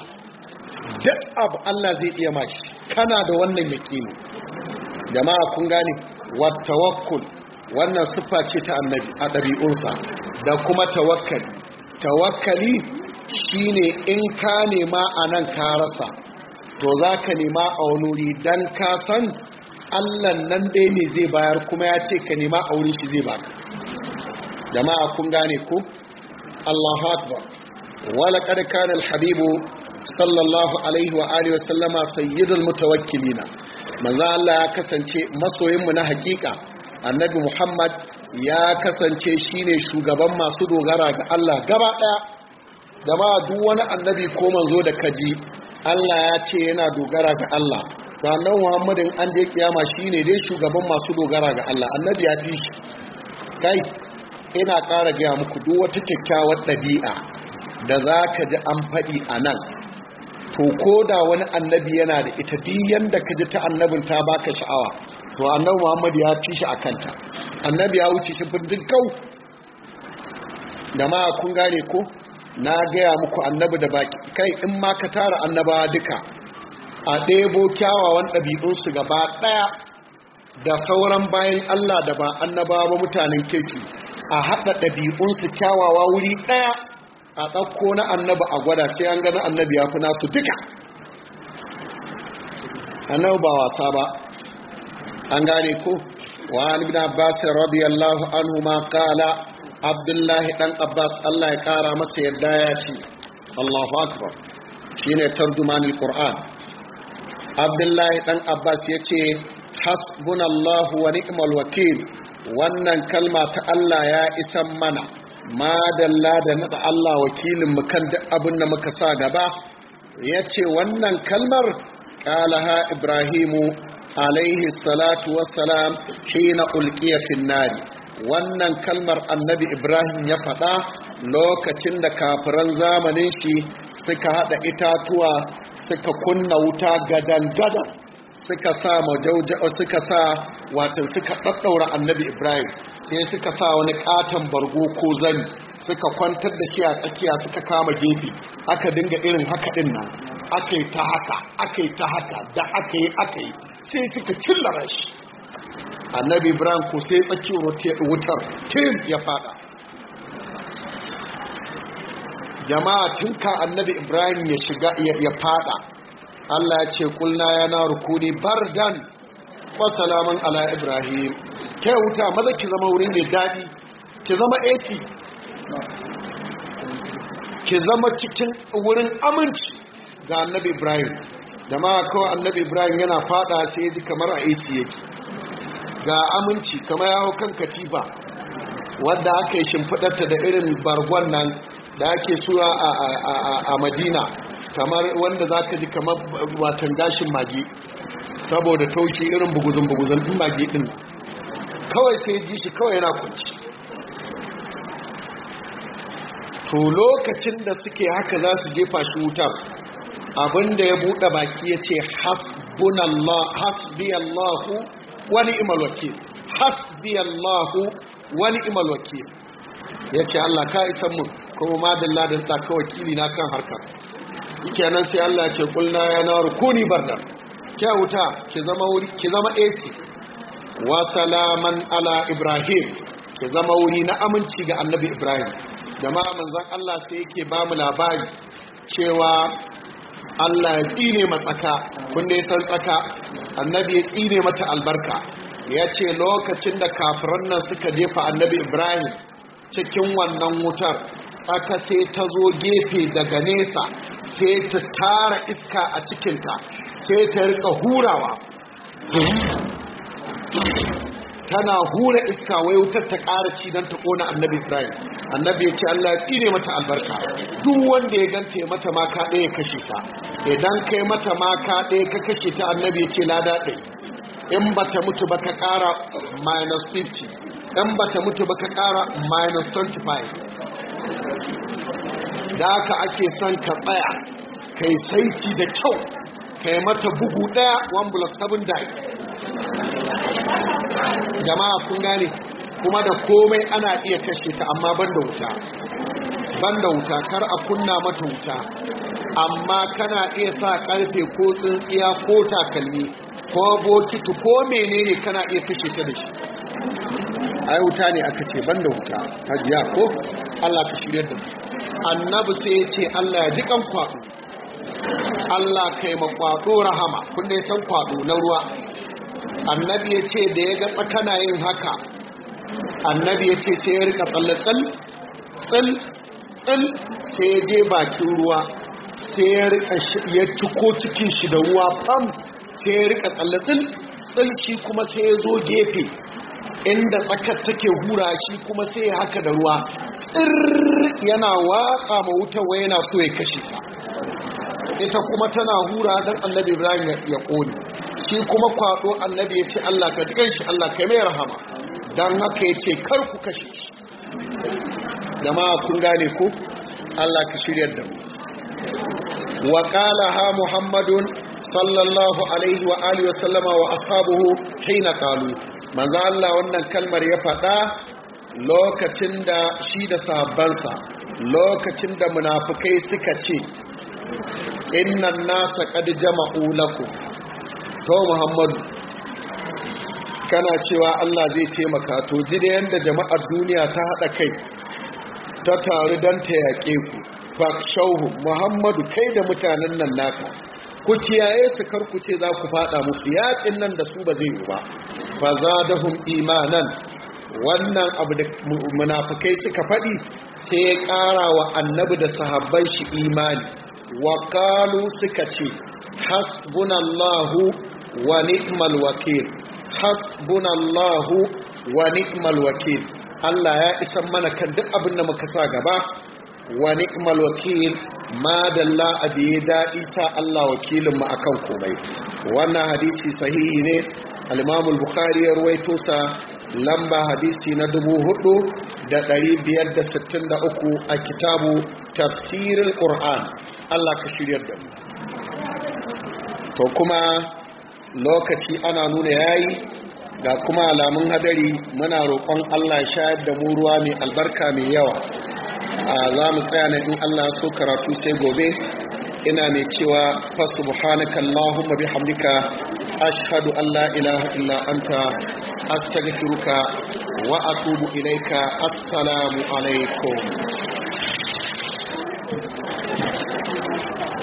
duk abu Allah zai iya mashi kana da wannan yaƙini jama'a kun gane wattawakkul wannan siffa ce ta annabi a ɗabi'unsa da kuma tawakkali tawakkali shine in ka nema a nan ka rasa to za ka nema a wani wuri don ka san allan nan ɗaya ne zai bayar kuma ya ce ka nema a wurin shi zai baka jama'a kun gane ku. Allahu akbar wala qad habibu sallallahu alaihi wa alihi wa sallama sayyidul mutawakkilina manzo Allah ya kasance masoyinmu na hakika annabi Muhammad ya kasance shine shugaban masu dogara ga Allah gaba daya jama'a duk wani annabi ko manzo da kaji Allah ya ce yana dogara ga Allah to annabi Muhammadin an je kiyama shine dai shugaban masu dogara ga Allah annabi ya fi shi ina ƙara gaya muku duk wata kyakkyawar ɗabi'a da za ka ji an faɗi a nan to ko da wani annabi yana da ita diyan da ka ji ta annabin ta baka sha'awa to annabi muhammadu ya fi shi a kanta annabi ya wuce shi fin kau da ma kun gane ko na gaya muku annabi da baki kai in ma ka tara annabawa duka a ɗebo kyawawan ɗabi'unsu gaba ɗaya da sauran bayan allah da ba annabawa ba mutanen keki a haɗa ɗabi'unsu kyawawa wuri ɗaya a ɗauko na annabi a gwada sai an gani annabi ya fi nasu duka annabi ba wasa ba an gane ko wa an bin abbas radiyallahu anhu ma kala abdullahi dan abbas allah ya kara masa yadda ya ce allahu akbar shine tarjumanil Kur'an, abdullahi dan abbas ya ce hasbunallahu wa ni'mal wakil wannan kalma ta Allah ya isan mana ma da naɗa Allah wakilin mu kan duk abin da muka sa gaba ya ce wannan kalmar ƙalaha ibrahimu alaihi salatu wassalam hina ulkiya finnari wannan kalmar annabi ibrahim ya faɗa lokacin da kafiran zamanin shi suka haɗa itatuwa suka kunna wuta gadan-gadan suka sa majauja suka sa wato suka daddaura annabi ibrahim sai suka sa wani katon bargo ko zani suka kwantar da shi a tsakiya suka kama gefe aka dinga irin haka din nan aka ta haka aka ta haka da aka yi aka yi sai suka killara shi annabi ibrahim ko sai tsakiyar wutar tim ya fada jama'a tun ka annabi ibrahim ya shiga ya fada Allah ya ce kulna ya na rukuni bardan wa salaman ala ibrahim ke wuta maza ki zama wurin mai daɗi ki zama ac ki zama cikin wurin aminci ga annabi ibrahim da ma kawai annabi ibrahim yana fada sai ji kamar a ac yake ga aminci kamar yawo kan katiba wadda aka yi shimfidarta da irin bargon nan da ake suwa a madina kamar wanda za ka ji kamar watan gashin mage saboda taushe irin buguzun-buguzun ɗin mage ɗin kawai sai ji shi kawai yana kunci to lokacin da suke haka za su jefa shi wutar abinda ya buɗe baki ya ce hasbiyallahu wani imalwake hasbiyallahu wani imalwake ya ce allah ka isan mu. kuma madalla da sa kili na kan harkar nan sai Allah ce kulna ya naru kuni bardan ke wuta ki zama wuri ki zama AC wa salaman ala ibrahim ki zama wuri na aminci ga annabi ibrahim jama'a manzon Allah sai yake ba mu labari cewa Allah ya tsine matsaka kun dai san tsaka annabi ya tsine mata albarka ya ce lokacin da kafiran nan suka jefa annabi ibrahim cikin wannan wutar tsaka sai ta zo gefe daga nesa sai ta tara iska a cikinta sai ta rika hurawa tana hura iska wai wutar ta ƙara ci don ta ƙona annabi ibrahim annabi ya ce allah ya tsine mata albarka duk wanda ya ganta ya mata maka ɗaya kashe ta idan kai mata maka ɗaya ka kashe ta annabi ya ce lada ɗaya in ba ta mutu ba ka ƙara minus 50 in ba ta mutu ba ka ƙara minus 25 da haka ake son ka tsaya kai saiti da kyau kai mata bugu daya one block seven die jama'a kun gane kuma da komai ana iya kashe ta amma banda wuta banda wuta kar a kunna mata wuta amma kana iya sa karfe ko tsintsiya ko takalmi ko bokiti ko menene kana iya kashe ta da shi ai wuta ne aka ce banda wuta hajiya ko Allah ka shirya da annabi sai ya ce Allah ya ji kan kwado Allah kai ma kwado rahama kun dai san kwado na ruwa annabi ya ce da ya ga tsakana yin haka annabi ya ce sai ya rika tsalle tsal tsal tsal sai ya je bakin ruwa sai ya rika ya tuko cikin shi da ruwa fam sai ya rika tsalle tsal tsal shi kuma sai ya zo gefe inda tsakar take hura shi kuma sai haka da ruwa tsirr yana watsa ma wuta wa yana so ya kashe ta ita kuma tana hura don annabi ibrahim ya ƙone shi kuma kwaɗo annabi ya ce allah ka jikan shi allah ka mai rahama don haka ya ce kar ku kashe shi jama'a kun gane ku? allah ka shirya da mu wa ha muhammadun sallallahu alaihi wa alihi wa sallama wa ashabuhu hina kalu manzo Allah wannan kalmar ya faɗa lokacin da shi da sahabbansa lokacin da munafukai suka ce innan nasa qad jama'u lakum to muhammadu kana cewa Allah zai taimaka to ji da yanda jama'ar duniya ta hada kai ta taru don ta yaƙe ku shauhu muhammadu kai da mutanen nan naka ku kiyaye su kar ku ce za ku fada musu yaƙin nan da su ba zai yi ba Baza zadahum imanan wannan abu da munafikai suka faɗi sai ya ƙara wa annabi da sahabban shi imani wa suka ce hasbunallahu wa ni'mal wakil hasbunallahu wa ni'mal wakil Allah ya isan mana kan duk abin da muka sa gaba Wani ni'mal wakil ma dalla abi daɗi sa Allah wakilin mu akan komai wannan hadisi sahihi ne al-Imam al-Bukhari ya ruwaito sa lamba hadisi na 4563 a kitabu tafsirin Qur'an Allah ka shirya da mu to kuma lokaci ana nuna yayi ga kuma alamun hadari muna roƙon Allah shayar da mu ruwa mai albarka mai yawa za mu tsaya na in Allah so karatu sai gobe ina mai cewa fa subhanaka allahumma bihamdika ashhadu an la ilaha illa anta astaghfiruka wa atubu ilaika assalamu alaikum